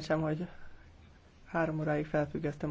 sem, hogy három óráig felfüggesztem a